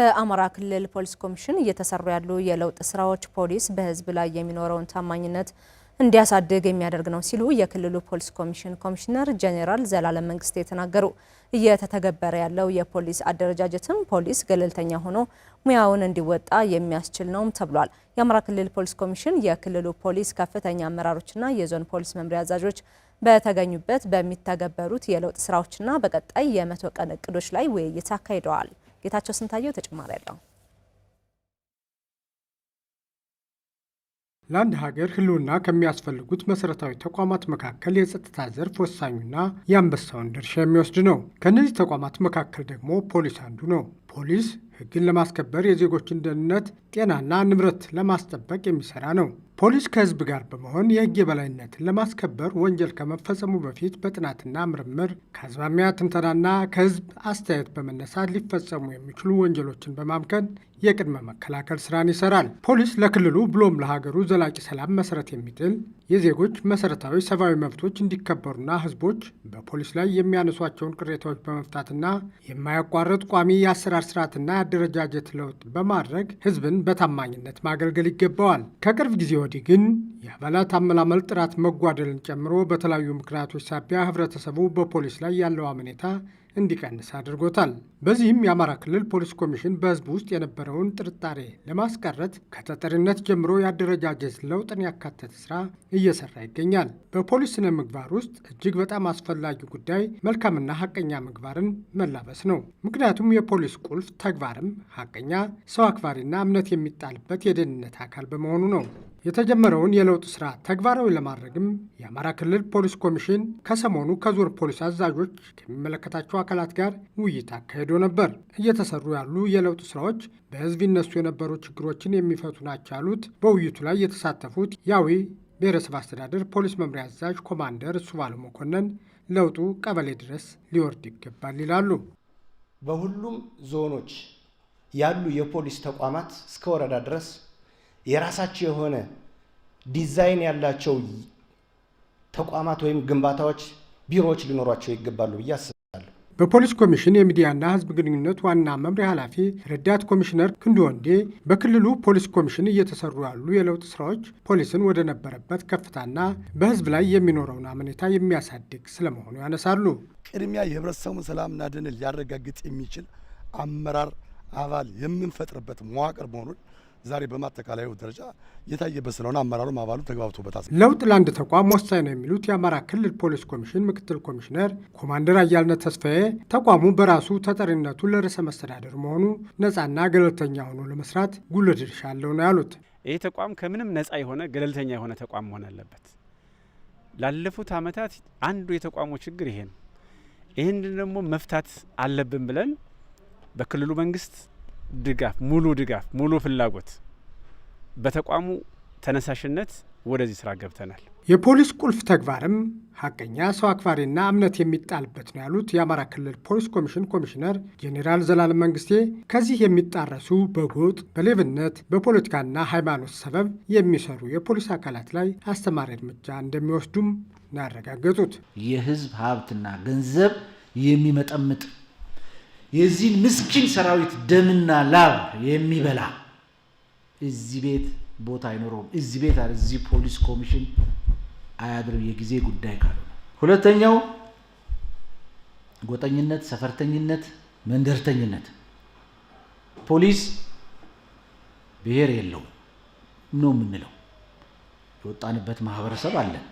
በአማራ ክልል ፖሊስ ኮሚሽን እየተሰሩ ያሉ የለውጥ ስራዎች ፖሊስ በህዝብ ላይ የሚኖረውን ታማኝነት እንዲያሳድግ የሚያደርግ ነው ሲሉ የክልሉ ፖሊስ ኮሚሽን ኮሚሽነር ጄኔራል ዘላለም መንግስቴ ተናገሩ። እየተተገበረ ያለው የፖሊስ አደረጃጀትም ፖሊስ ገለልተኛ ሆኖ ሙያውን እንዲወጣ የሚያስችል ነውም ተብሏል። የአማራ ክልል ፖሊስ ኮሚሽን የክልሉ ፖሊስ ከፍተኛ አመራሮችና የዞን ፖሊስ መምሪያ አዛዦች በተገኙበት በሚተገበሩት የለውጥ ስራዎችና በቀጣይ የመቶ ቀን እቅዶች ላይ ውይይት አካሂደዋል። ጌታቸው ስንታየው ተጨማሪ ያለው። ለአንድ ሀገር ህልውና ከሚያስፈልጉት መሰረታዊ ተቋማት መካከል የጸጥታ ዘርፍ ወሳኙና የአንበሳውን ድርሻ የሚወስድ ነው። ከእነዚህ ተቋማት መካከል ደግሞ ፖሊስ አንዱ ነው። ፖሊስ ህግን ለማስከበር የዜጎችን ደህንነት፣ ጤናና ንብረት ለማስጠበቅ የሚሰራ ነው። ፖሊስ ከህዝብ ጋር በመሆን የህግ የበላይነትን ለማስከበር ወንጀል ከመፈጸሙ በፊት በጥናትና ምርምር ከአዝማሚያ ትንተናና ከህዝብ አስተያየት በመነሳት ሊፈጸሙ የሚችሉ ወንጀሎችን በማምከን የቅድመ መከላከል ስራን ይሰራል። ፖሊስ ለክልሉ ብሎም ለሀገሩ ዘላቂ ሰላም መሰረት የሚጥል የዜጎች መሰረታዊ ሰብአዊ መብቶች እንዲከበሩና ህዝቦች በፖሊስ ላይ የሚያነሷቸውን ቅሬታዎች በመፍታትና የማያቋርጥ ቋሚ የአሰራር ስርዓትና የአደረጃጀት ለውጥ በማድረግ ህዝብን በታማኝነት ማገልገል ይገባዋል። ከቅርብ ጊዜ ወዲህ ግን የአባላት አመላመል ጥራት መጓደልን ጨምሮ በተለያዩ ምክንያቶች ሳቢያ ህብረተሰቡ በፖሊስ ላይ ያለው አመኔታ እንዲቀንስ አድርጎታል። በዚህም የአማራ ክልል ፖሊስ ኮሚሽን በህዝብ ውስጥ የነበረውን ጥርጣሬ ለማስቀረት ከተጠሪነት ጀምሮ የአደረጃጀት ለውጥን ያካተተ ስራ እየሰራ ይገኛል። በፖሊስ ስነ ምግባር ውስጥ እጅግ በጣም አስፈላጊ ጉዳይ መልካምና ሀቀኛ ምግባርን መላበስ ነው። ምክንያቱም የፖሊስ ቁልፍ ተግባርም ሀቀኛ፣ ሰው አክባሪና እምነት የሚጣልበት የደህንነት አካል በመሆኑ ነው። የተጀመረውን የለውጥ ስራ ተግባራዊ ለማድረግም የአማራ ክልል ፖሊስ ኮሚሽን ከሰሞኑ ከዞር ፖሊስ አዛዦች ከሚመለከታቸው አካላት ጋር ውይይት አካሂዶ ነበር። እየተሰሩ ያሉ የለውጥ ስራዎች በህዝብ ይነሱ የነበሩ ችግሮችን የሚፈቱ ናቸው ያሉት በውይይቱ ላይ የተሳተፉት የአዊ ብሔረሰብ አስተዳደር ፖሊስ መምሪያ አዛዥ ኮማንደር ሱባሉ መኮንን ለውጡ ቀበሌ ድረስ ሊወርድ ይገባል ይላሉ። በሁሉም ዞኖች ያሉ የፖሊስ ተቋማት እስከ ወረዳ ድረስ የራሳቸው የሆነ ዲዛይን ያላቸው ተቋማት ወይም ግንባታዎች፣ ቢሮዎች ሊኖሯቸው ይገባሉ ብዬ አስባለሁ። በፖሊስ ኮሚሽን የሚዲያና ሕዝብ ግንኙነት ዋና መምሪያ ኃላፊ ረዳት ኮሚሽነር ክንዱ ወንዴ በክልሉ ፖሊስ ኮሚሽን እየተሰሩ ያሉ የለውጥ ስራዎች ፖሊስን ወደ ነበረበት ከፍታና በሕዝብ ላይ የሚኖረውን አመኔታ የሚያሳድግ ስለመሆኑ ያነሳሉ። ቅድሚያ የህብረተሰቡን ሰላምና ደህንነት ሊያረጋግጥ የሚችል አመራር አባል የምንፈጥርበት መዋቅር መሆኑን ዛሬ በማጠቃላዩ ደረጃ የታየበት ስለሆነ አመራሩም አባሉ ተግባብቶበታል። ለውጥ ለአንድ ተቋም ወሳኝ ነው የሚሉት የአማራ ክልል ፖሊስ ኮሚሽን ምክትል ኮሚሽነር ኮማንደር አያልነት ተስፋዬ ተቋሙ በራሱ ተጠሪነቱ ለርዕሰ መስተዳደር መሆኑ ነፃና ገለልተኛ ሆኖ ለመስራት ጉልህ ድርሻ አለው ነው ያሉት። ይህ ተቋም ከምንም ነፃ የሆነ ገለልተኛ የሆነ ተቋም መሆን አለበት። ላለፉት ዓመታት አንዱ የተቋሙ ችግር ይሄ ነው። ይህን ደግሞ መፍታት አለብን ብለን በክልሉ መንግስት ድጋፍ፣ ሙሉ ድጋፍ፣ ሙሉ ፍላጎት በተቋሙ ተነሳሽነት ወደዚህ ስራ ገብተናል። የፖሊስ ቁልፍ ተግባርም ሀቀኛ ሰው አክባሪና እምነት የሚጣልበት ነው ያሉት የአማራ ክልል ፖሊስ ኮሚሽን ኮሚሽነር ጄኔራል ዘላለም መንግስቴ ከዚህ የሚጣረሱ በጎጥ በሌብነት በፖለቲካና ሃይማኖት ሰበብ የሚሰሩ የፖሊስ አካላት ላይ አስተማሪ እርምጃ እንደሚወስዱም ነው ያረጋገጡት። የህዝብ ሀብትና ገንዘብ የሚመጠምጥ የዚህን ምስኪን ሰራዊት ደምና ላብ የሚበላ እዚህ ቤት ቦታ አይኖረውም። እዚህ ቤት አለ እዚህ ፖሊስ ኮሚሽን አያድርም፣ የጊዜ ጉዳይ ካሉ ሁለተኛው ጎጠኝነት፣ ሰፈርተኝነት፣ መንደርተኝነት። ፖሊስ ብሔር የለውም ነው የምንለው። የወጣንበት ማህበረሰብ አለን፣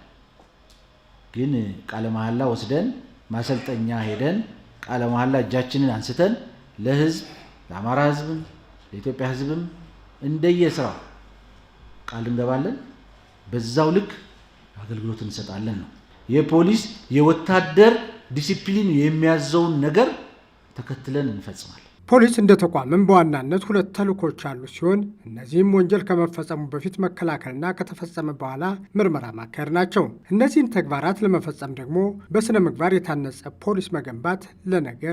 ግን ቃለ መሐላ ወስደን ማሰልጠኛ ሄደን ቃለ መሐላ እጃችንን አንስተን ለህዝብ ለአማራ ህዝብም ለኢትዮጵያ ህዝብም እንደየስራው ቃል እንገባለን። በዛው ልክ አገልግሎት እንሰጣለን ነው። የፖሊስ የወታደር ዲሲፕሊን የሚያዘውን ነገር ተከትለን እንፈጽማለን። ፖሊስ እንደ ተቋምም በዋናነት ሁለት ተልኮች ያሉት ሲሆን እነዚህም ወንጀል ከመፈጸሙ በፊት መከላከልና ከተፈጸመ በኋላ ምርመራ ማካሄድ ናቸው። እነዚህን ተግባራት ለመፈጸም ደግሞ በስነ ምግባር የታነጸ ፖሊስ መገንባት ለነገ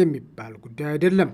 የሚባል ጉዳይ አይደለም።